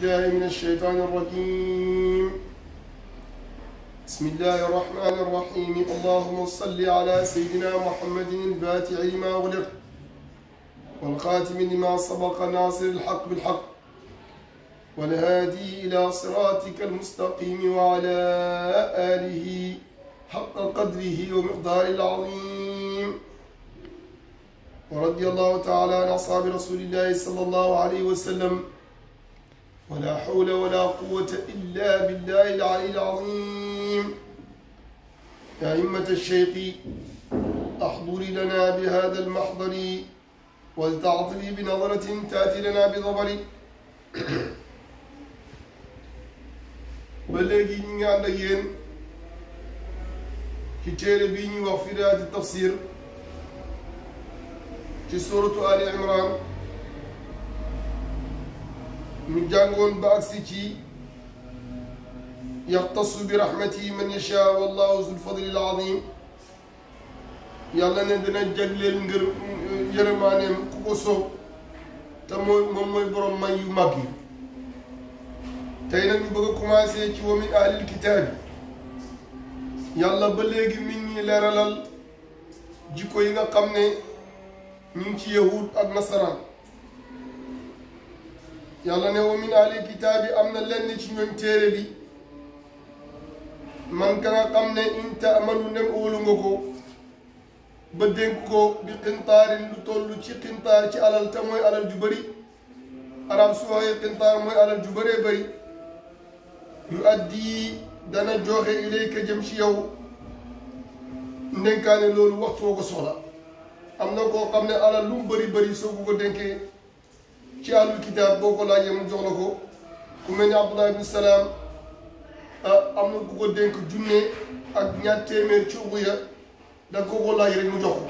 بالله من الشيطان الرجيم بسم الله الرحمن الرحيم اللهم صل على سيدنا محمد الفاتح لما أغلق والخاتم لما سبق ناصر الحق بالحق والهادي إلى صراطك المستقيم وعلى آله حق قدره ومقداره العظيم ورضي الله تعالى عن أصحاب رسول الله صلى الله عليه وسلم ولا حول ولا قوة إلا بالله العلي العظيم يا أئمة الشيخ احضري لنا بهذا المحضر ولتعطلي بنظرة تأتي لنا بظبر ba léegi ñu ngi ànd ak yéen ci téere bi ñuy wax firaati tafsir ci suratu Ali Imran ñu jàngoon ba agsi ci yaxtasu bi rahmatihi man yasha wallahu zul fadlil azim yàlla ne dina jagleel ngir yërëmaaneem ku ko soob te mooy moom mooy borom may yu mag yi ñu bëgg a commencé ci wa min ahlil kitaabi yàlla ba léegi mi ngi leeralal jikko yi nga xam ne ñu ngi ci yahud ak nasaraan yàlla ne wa min ahli kitaabi am na lenn ci ñoom téere bi man ka nga xam ne in taamanu nem óolu nga ko ba dénk ko bi xintaarin lu toll ci xintaar ci alal te mooy alal ju bëri arab su waxee xintaar mooy alal ju bëree yu addi dana joxe ilayka jëm ci yow ndénkaane loolu waxtu woo ko soxla am na koo xam ne alal lu bari bëri bëri soo ko ci àllul kitaab boo ko laajee mu jox la ko ku ni Abdullah ibn Salaam ah, am na ku dénk junne ak ñaar téeméer ci uxuya da nga ko ko laaj rek mu jox ko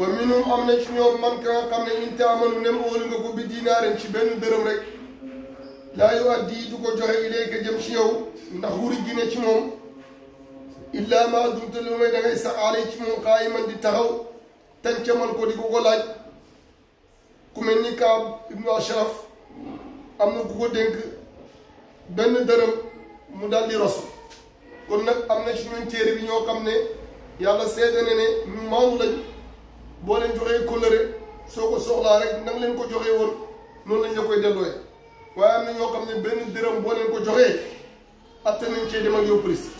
wa minhum am na ci ñoom man ka nga xam ne in taamanu nem óolu nga ko bi dinaarin ci benn dërëm rek laa yu addi ko joxe ilayka jëm ci yow ndax wuri gi ci moom illa ma dumta lu may da ngay sax aale ci moom xaayiman di taxaw tàncamal ko di ko ko ku mel ni Kaab ibnu Ashraf am na ku ko dénk benn dërëm mu dal di rosu kon nag am na ci ñun téere bi ñoo xam ne yàlla seede na ne ñu maamu lañ boo leen joxee kóllëre soo ko soxlaa rek nang leen ko joxee woon noonu lañ la koy dellooyee waaye am na ñoo xam ne benn dërëm boo ko joxee atte nañ cee dem ak yow prise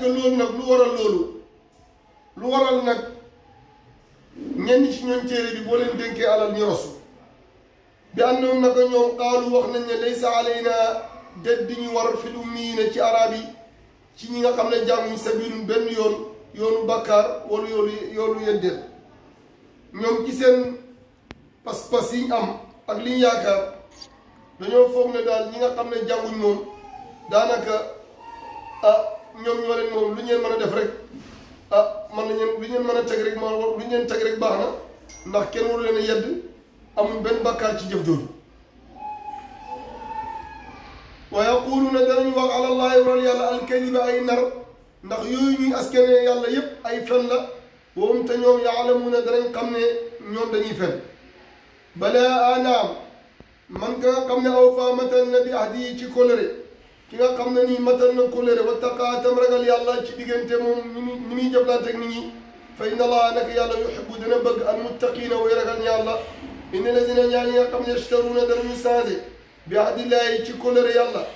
ko loolu nag lu waral loolu lu waral nag ñenn ci ñoom téere bi boo leen dénkee alal ñu rosu bi annahum naka ñoom qaalu wax nañ ne laysa alayna det di ñu war fil ummiina ci araab yi ci ñi nga xam ne jànguñ sabilun benn yoon yoonu bakkaar wala yoonu yoonu yeddeel ñoom ci seen pas-pas am ak li yaakaar dañoo foog ñi nga xam ne jànguñ moom daanaka ah ñoom ñoo lu ñeen mën a def rek ah man la ñeen lu ñeen mën a teg rek ma lu ñeen teg rek baax na ndax kenn waru leen a yedd amul benn bàkkaar ci jëf jooju wa yaquluuna danañu wax ala llaahi waral yàlla alkadiba ay nar ndax yooyu ñuy askane yàlla yépp ay fen la woom te ñoom yaalamuuna danañ xam ne ñoom dañuy fen balaa anaam man ka xam ne aw faamatan na bi ahdi yi ci kóllëre ki nga xam ne nii matal na kóllëre wattaqa tam ragal yàlla ci diggante moom ni muy ni muy fay nit ñi fa inna allaha nag yàlla yuhibbu dana bëgg al muttaqiina way ragal yàlla inna lazina ñaa ñi nga xam ne yashtaruuna danañu changé bi ahdillahi ci kóllëre yàlla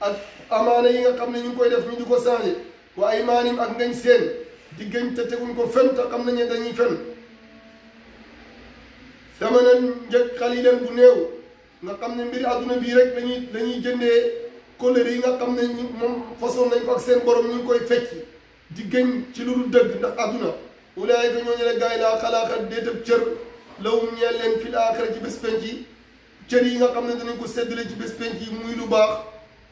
ak amaana yi nga xam na ñu ngi koy def ñu di ko changé wa aymaanim ak ngañ seen diggante teguñ ko fen te xam nañu dañuy fen samanan njëg xalilan bu néew nga xam na mbiri àdduna bii rek lañuy lañuy kóllëre yi nga xam ne ñu moom façon nañ ko seen borom ñu koy fecc di gëñ ci lu dul dëgg ndax àdduna ulaayika ñooñu ne gaay laa xalaaxat déetab cër lawum ñeel leen fil aaxira ci bés penc yi cër yi nga xam ne dinañ ko séddale ci bés penc yi muy lu baax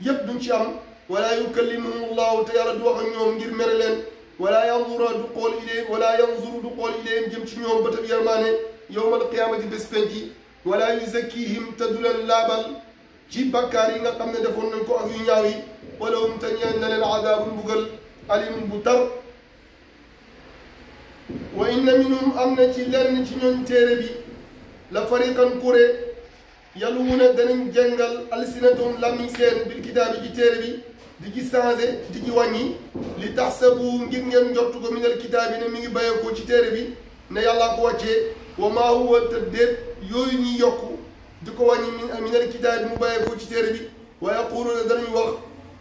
yépp duñ ci am wala yukallimuhum allahu te yàlla du wax ngir mere leen wala yanzura du xool ilayhim wala yanzuru du xool ilayhim jëm ci ñoom bëtëb yarmaane yowmal qiyaamati bés penc yi wala yuzakkihim te du leen laabal ci bakkaar yi nga xam ne defoon nañ ko ak yu ñaaw yi wala hum te ñeen na leen azaabun mbugal bu tar wa inna minhum am na ci lenn ci ñoom téere bi la fariqan kuré yaluuna danañ jàngal alsinatum lamiñ seen bil kitaabi ci téere bi di ci changé di ci wàññi li tax taxsabu ngir ngeen njortu ko minal kitaabi ne mi ngi bàyyeekoo ci téere bi na yàllaa ko wàccee wa maa huwa te déet yooyu ñuy yokku di ko wàññi min minal kitaabi mu bàyyeekoo ci téere bi wa yaquluuna danañu wax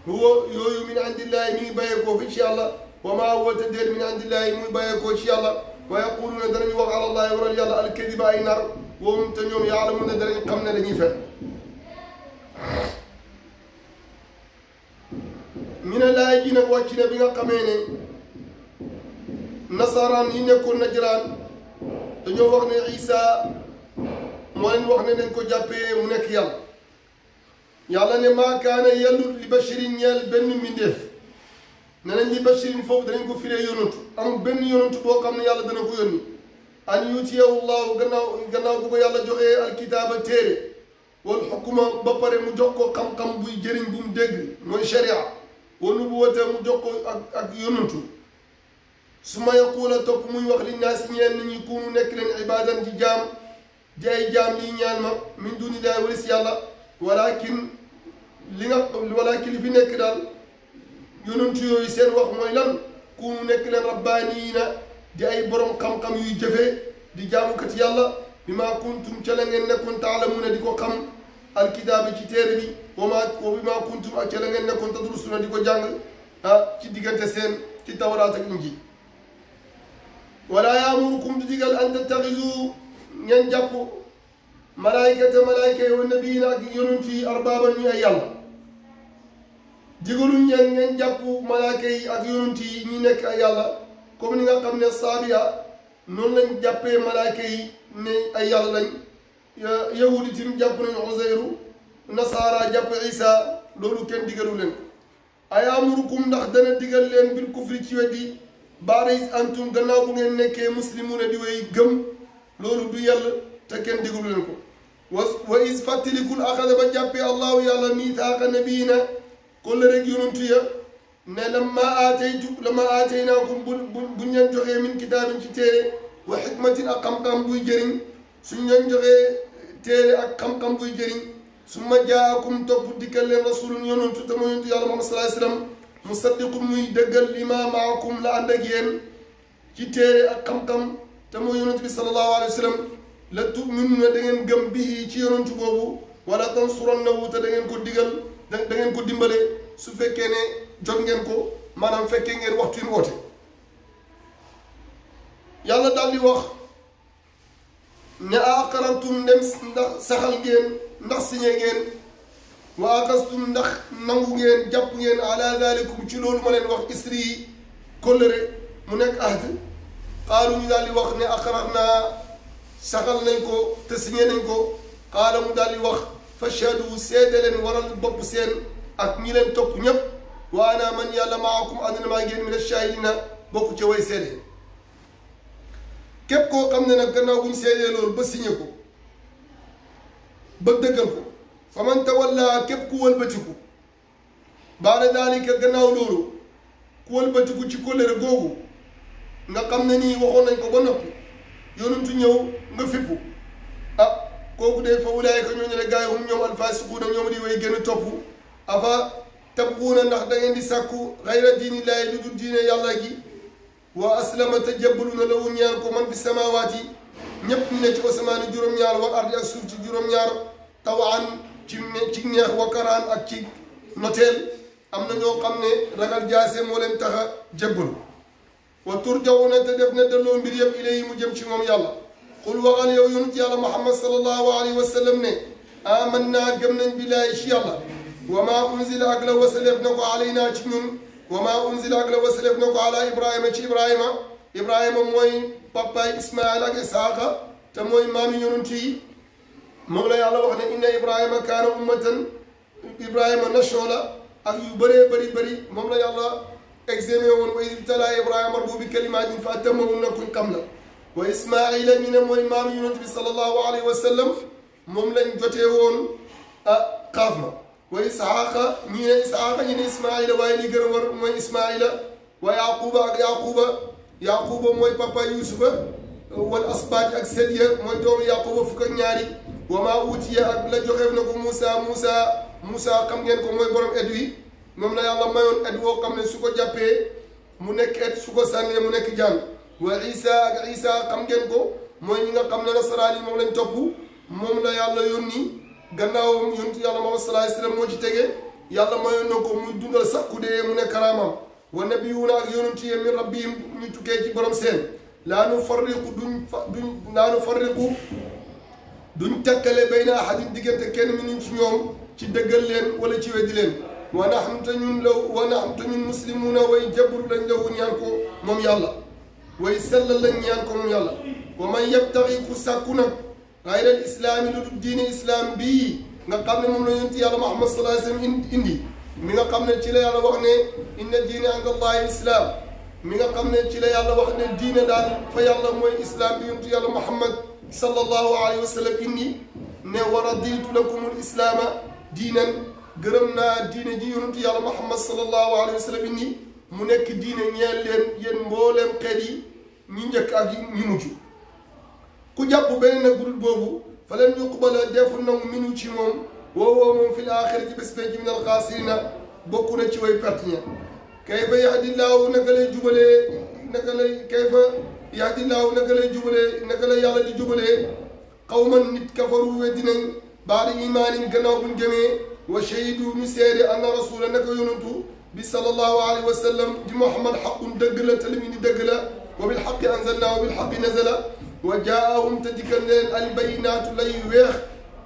huwa yooyu min indillahi mi ngi bàyyeekoo fi ci yàlla wa maa huwa te déet min indillahi muy bàyyeekoo ci yàlla wa yaquluuna danañu wax ala allahi waral yàlla alkadiba ay nar woom te ñoom na danañ xam ne dañuy fen mi ne laay ji nag wàcc na bi nga xamee ne nasaraan yi nekkoon najraan dañoo wax ne Isa moo leen wax ne nañ ko jàppee mu nekk yàlla yàlla ne maa kaana yellut li bashirin ñeel benn mbindeef ne nañ li bashirin foofu danañ ko firee yonantu amul benn yonantu boo xam ne yàlla dana ko yónni an yutiyahu llahu gannaaw gannaaw bu ko yàlla joxee alkitaaba téere wal xukuma ba pare mu jox ko xam buy jëriñ bu mu dégg mooy sharia wal nubuwata mu jox ak ak yonantu su ma yaquula topp muy wax li naas ñeen nañu kunu nekk leen ibaadan ci jaam di ay jaam yi ñaan ma min duni daay walis yàlla walakin li nga walakin li fi nekk daal yonent yooyu seen wax mooy lan ku mu nekk leen na di ay borom xam-xam yuy jëfee di jaamukat yàlla bi ma kuntum ca la ngeen nekkoon taalamuuna di ko xam alkitaabi ci téere bi wa ma wa bi maa kuntum ak ca la ngeen nekkoon tadrusuuna di ko jàng ah ci diggante seen ci tawraat ak inji wala yaamurukum di digal an tattaxizu ngeen jàpp malaayka te malaayka yi wa nabiyin ak yonent yi arbaaban ñu ay yàlla digaluñ ngeen ngeen jàpp malaayka ak yonent yi ñu nekk ay yàlla comme ni nga xam ne saabiya noonu lañ jàppe malaayka yi ne ay yàlla lañ yahudi tim jàpp nañ Uzayru nasaara jàpp Isa loolu kenn digalu leen ayaamurukum ndax dana digal leen bil kufri ci weddi baada is antum gannaaw bu ngeen nekkee muslimu ne di way gëm loolu du yàlla te kenn di leen ko wa wa is fàttalikul axada ba jàppee allahu yàlla miitaaqa nabiyina kolle rek yonantu ya ne lamma aataytu lamma aataynaakum min kitaabin ci téere wa xikmatin ak xam buy jëriñ suñ leen joxee téere ak xam-xam buy jëriñ summa jaakum topp dikkal leen rasulun yonantu te mooy yonantu yàlla Muhammad sallallahu alayhi wasallam musaddiqun muy dëggal lima maakum la ànd ci téere ak xam te mooy yonent bi sallallahu alayhi wa sallam la tu'minuna da ngeen gëm bi bii ci yonentu boobu wala tansurannahu te da ngeen ko digal da ngeen ko dimbale su fekkee ne jot ngeen ko maanaam fekkee ngeen waxtu yi woote yàlla daal di wax ne a aqarartum ndem ndax saxal ngeen ndax siñe ngeen wa akastum ndax nangu ngeen jàpp ngeen ala dalikum ci loolu ma leen wax isri yi kóllëre mu nekk ahd xaalu ñu daal di wax ne aqrar naa saxal nañ ko te signé nañ ko xaala mu daal di wax fashadu seede leen waral bopp seen ak ñi leen topp ñépp wa ana man yàlla maakum ànd na maa ngeen min ash-shahidina bokk ca seede képp koo xam ne nag gannaaw bu ñu seedee loolu ba signé ko ba dëggal ko fa man tawalla képp ku wëlbatiku baada daalika gannaaw loolu ku wëlbatiku ci kóllëre googu nga xam ne nii waxoon nañ ko ba noppi yonentu ñëw nga fippu ah kooku de fa ulaayika ñoo ñu ne gars yi hum ñoom alfaasiquuna ñoom di way gën a topp afa tabquuna ndax da ngeen di sàkku xayra diinillaahi lu dul diine yàlla gi wa aslama te jébbalu la lawu ñaan ko man fi samaawaat yi ñépp ñu ne ci asamaani juróom-ñaar wa ardi ak suuf ci juróom-ñaar tawaan ci ci neex wa ak ci noteel am na ñoo xam ne ragal jaase moo leen tax a wa turjawuna te def na delloo mbir yëpp ilayhi mu jëm ci moom yàlla qul waxal yow yonent yàlla muhammad sallallahu alayhi wa sallam ne amanna gëm nañ billaahi ci yàlla wa maa unzila ak la wasaleef na ko alaynaa ci ñun wa maa unzila ak la wasaleef na ko ala ibrahima ci ibrahima ibrahima mooy papaay ismail ak isaaqa te mooy maami yonent yi moom la yàlla wax ne inna ibrahima kaana ummatan ibrahima nashoola ak yu bëree bëri bëri moom la yàlla examen woon wa iz ibtalaa Ibrahima rabbuhu bi kalimaatin fa atammahunna kuñ la wa Ismaayila ñu ne mooy maam yonent bi sallallahu alayhi wa sallam moom lañ jotee a war mooy Ismaayila wa Yaquuba ak Yaquuba Yaquuba papa Yuusufa wal asbaat ak Sadiya mooy doomu Yaquuba fukk ñaari wa maa uutiya ak la joxeef na ko Moussa Moussa Moussa xam ko mooy borom edwi moom la yàlla mayoon et woo xam ne su ko jàppee mu nekk et su ko sànnee mu nekk jaan wa isa ak isa xam ngeen ko mooy ñi nga xam ne nasaraan yi moom lañ topp moom la yàlla yónni gannaawam yónni yàlla moom salaay salaam moo ci tege yàlla mayoon na ko mu dundal sax ku dee mu nekk karaamam wa nabiyuuna ak yonent yi min rabbihim ñu tukkee ci borom seen laa nu farriqu duñ fa duñ laa nu farriqu duñ takkale bayna ahadin diggante kenn mi ñu ci ñoom ci dëggal leen wala ci weddi leen wa naxam te ñun la wa naxam te ñun muslimuuna way jabru lañ moom yàlla way sellal lañ ñaan ko moom yàlla wa man yabtaxi ku sàkku nag xayral lu dul diini islaam nga xam ne moom la yonent yàlla Muhammad sallallahu alayhi wa sallam indi mi nga xam ne ci la yàlla mi nga xam ne ci la yàlla wax ne diine daal fa yàlla mooy yàlla Muhammad sallallahu alayhi wa sallam indi ne diinan gërëm naa diine ji yonentu yàlla muhammad sallallahu alayhi wa sallam ni mu nekk diine ñeel leen yéen mbooleem xeet yi ñu njëkk ak ñu mujj ku jàpp beneen nag budul boobu fa leen yuqbala defu nangu minu ci moom woowoo moom fi laaxira ci bés penc min alxaasirina bokk na ci way perte ña kayfa yahdillaahu naka lay jubalee naka lay kayfa yahdillaahu naka lay jubalee naka lay yàlla di jubalee nit kafaru we dinañ baada imaanin gannaaw buñ gëmee wa shahidu ñu seede anna rasula naka yonantu bi sallallahu alayhi wa sallam di muhammad xaqun dëgg la te li mu di dëgg la wa bil xaqi anzalna wa bil xaqi nazala wa jaahum te dikkal leen al bayinaatu lay weex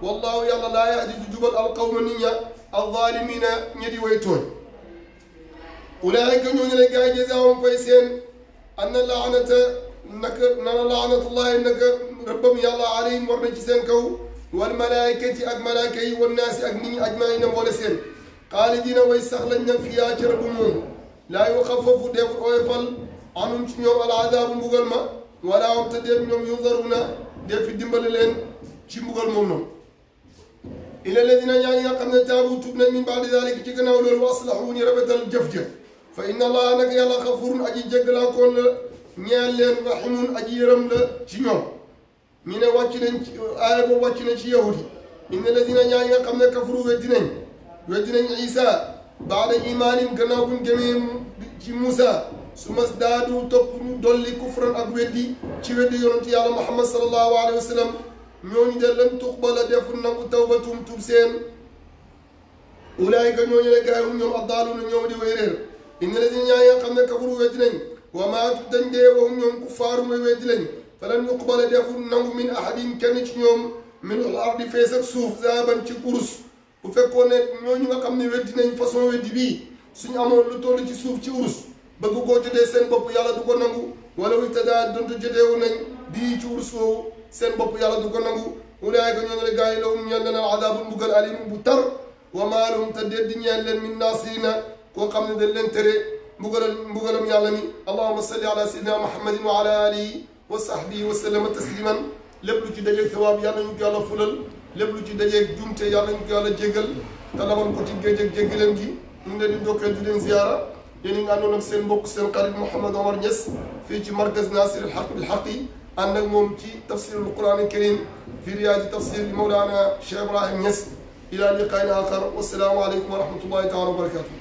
wallahu yàlla laa yahdi di jubal alqawma nit ña alzaalimina ña di way tooñ ulaayika ñooñu la gaa yi jazaawam fay seen anna laanata naka nana laanatullahi naka rëbbam yàlla alayhim war na ci seen kaw wal malaayikati ak malaayka yi wan naasi ak nit ñi ajmaayina mboole seen xaalidiina way sax lañ na fiyaa ca rëbb moomu laa yuxaffafu def oyofal anum ci ñoom al azaabu mbugal ma wala am te def ñoom yunzaruuna def fi dimbali leen ci mbugal moom noonu ila ladina ñaa ñi nga xam ne taabu tuub nañ min baadi dalik ci gannaaw loolu wa aslahu ñu rafetal jëf-jëf fa inna allaha nag yàlla xafurun aji jéggalaakoon la ñeel leen rahimun aji yërëm la ci ñoom ñu ne wàcc nañ ci ci yahut yi inna lazina ñaa nga xam ne kafaru weddi nañ weddi nañ Isa baada imaanin ci Moussa su mas daadu topp ñu dolli kufran ak weddi ci weddi yonent yàlla Muhammad sallallahu alayhi wa sallam ñooñu de lan tuqbala deful nangu tawbatum tub seen ulaayika ñooñu ne gaayum ñoom addaaluuna di way inna lazina ñaa nga xam ne kafaru weddi nañ wa maatu dañ dee wahum ñoom kuffaar mooy falan yuqbala deful nangu min ahadin kenn ci ñoom min al ardi fees ak suuf zaban ci urus bu fekkoon ne ñooñu nga xam ne weddi nañ façon weddi bii suñu amoon lu toll ci suuf ci urus bëgg koo jotee seen bopp yala du ko nangu wala wu tadaa donte joteewu nañ bii ci urus woowu seen bopp yala du ko nangu ulaayka ñoo ne gaa yi lahum ñeel na adaabun mbugal alim bu tar wa maa lahum te déet di ñeel leen min naasirina koo xam ne dañ leen tere mbugalal mbugalam yàlla mi allahumma salli ala sayyidina muhammadin wa sahbihi wa sallama tasliman lépp lu ci dajeeg sawaab yàlla ñu ko yàlla fulal lépp lu ci dajeeg jumte yàlla ñu ko yàlla jéggal te laban ko ci géej ak jéggaleen gi ñu ngi leen di ndokkeel di leen ziyaara yéen ñi nga àndoon ak seen mbokk seen xarit Mouhamed Omar Niass fii ci markaz Nasir al Haq bil Haq yi ànd ak moom ci tafsirul Quran al Karim fii riyaadi tafsir Mawlana Cheikh Ibrahim Niass ilaa liqaayin aaxar wa salaamu aleykum wa rahmatullahi taala wa barakatuh